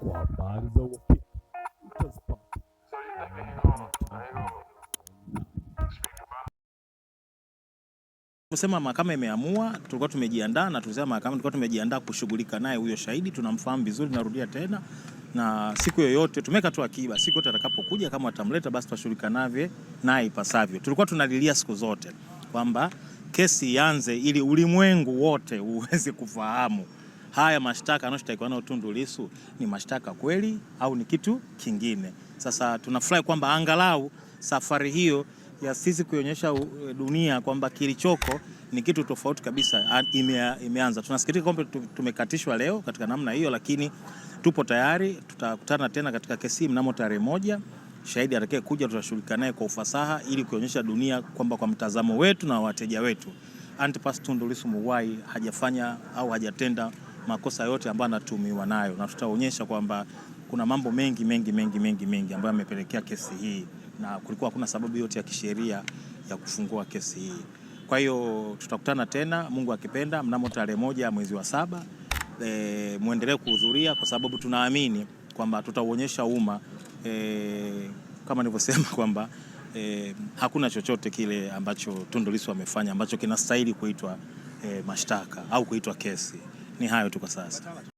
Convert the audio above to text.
kwa habari za kusema mahakama imeamua. Tulikuwa tumejiandaa na tulisema mahakama, tulikuwa tumejiandaa kushughulika naye huyo shahidi, tunamfahamu vizuri. Narudia tena, na siku yoyote tumeweka tu akiba, siku yote atakapokuja, kama atamleta basi tutashughulika naye naye ipasavyo. Tulikuwa tunalilia siku zote kwamba kesi ianze ili ulimwengu wote uweze kufahamu haya mashtaka anayoshtakiwa nayo Tundu Lissu ni mashtaka kweli au ni kitu kingine? Sasa tunafurahi kwamba angalau safari hiyo ya sisi kuonyesha uh, dunia kwamba kilichoko ni kitu tofauti kabisa ime, imeanza. Tunasikitika kwamba tumekatishwa leo katika namna hiyo, lakini tupo tayari, tutakutana tena katika kesi mnamo tarehe moja. Shahidi atakaye kuja tutashughulika naye kwa ufasaha ili kuonyesha dunia kwamba kwa mtazamo wetu na wateja wetu Antipas Tundu Lissu Mughwai hajafanya au hajatenda makosa yote ambayo anatumiwa nayo, na tutaonyesha kwamba kuna mambo mengi mengi mengi mengi mengi ambayo yamepelekea kesi hii, na kulikuwa hakuna sababu yote ya kisheria ya kufungua kesi hii. Kwa hiyo tutakutana tena, Mungu akipenda, mnamo tarehe moja mwezi wa saba. E, muendelee kuhudhuria kwa sababu tunaamini kwamba tutauonyesha umma e, kama nilivyosema kwamba e, hakuna chochote kile ambacho Tundu Lissu amefanya ambacho kinastahili kuitwa e, mashtaka au kuitwa kesi. Ni hayo tu kwa sasa.